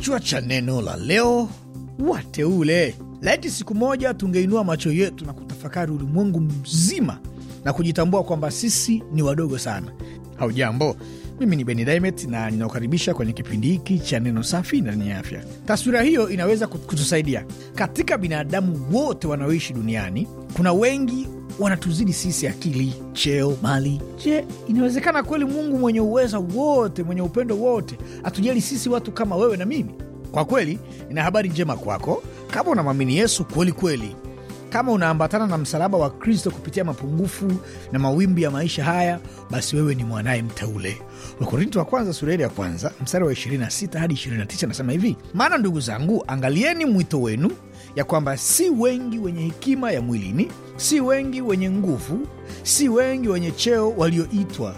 Kichwa cha neno la leo: wateule. Laiti siku moja tungeinua macho yetu na kutafakari ulimwengu mzima na kujitambua kwamba sisi ni wadogo sana. Haujambo, mimi ni Beni Dimet na ninakukaribisha kwenye kipindi hiki cha neno safi na lenye afya. Taswira hiyo inaweza kutusaidia katika binadamu wote wanaoishi duniani. Kuna wengi wanatuzidi sisi akili, cheo, mali. Je, inawezekana kweli Mungu mwenye uweza wote, mwenye upendo wote, atujali sisi watu kama wewe na mimi? Kwa kweli nina habari njema kwako, kama unamwamini Yesu kweli kweli kama unaambatana na msalaba wa Kristo kupitia mapungufu na mawimbi ya maisha haya, basi wewe ni mwanaye mteule. Wakorinto wa kwanza sura ya kwanza mstari wa 26 hadi 29 anasema hivi: maana ndugu zangu, angalieni mwito wenu, ya kwamba si wengi wenye hekima ya mwilini, si wengi wenye nguvu, si wengi wenye cheo walioitwa,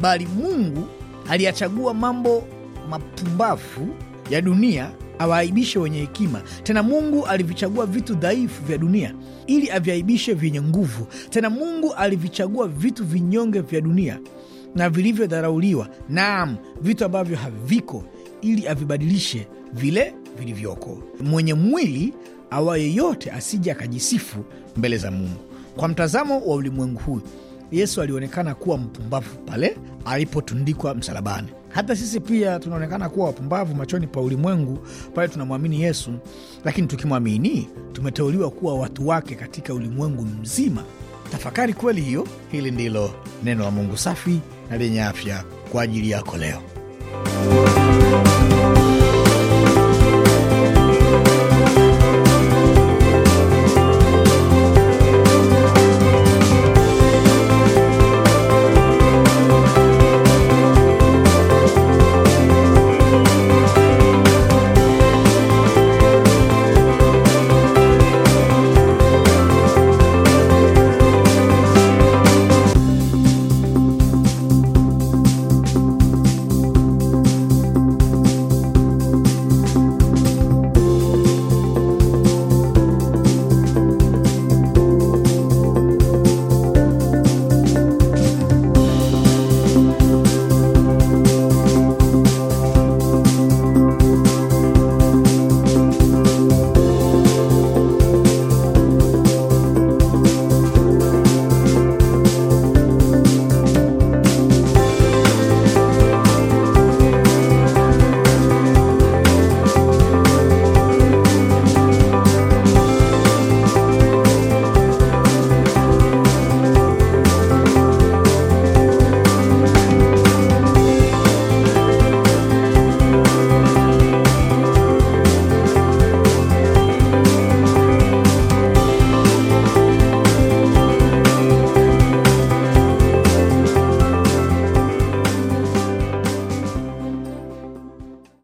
bali Mungu aliyachagua mambo mapumbavu ya dunia awaaibishe wenye hekima. Tena Mungu alivichagua vitu dhaifu vya dunia ili aviaibishe vyenye nguvu. Tena Mungu alivichagua vitu vinyonge vya dunia na vilivyodharauliwa, naam, vitu ambavyo haviko, ili avibadilishe vile vilivyoko, mwenye mwili awa yeyote asije akajisifu mbele za Mungu. Kwa mtazamo wa ulimwengu huu, Yesu alionekana kuwa mpumbavu pale alipotundikwa msalabani. Hata sisi pia tunaonekana kuwa wapumbavu machoni pa ulimwengu pale tunamwamini Yesu, lakini tukimwamini tumeteuliwa kuwa watu wake katika ulimwengu mzima. Tafakari kweli hiyo. Hili ndilo neno la Mungu safi na lenye afya kwa ajili yako leo.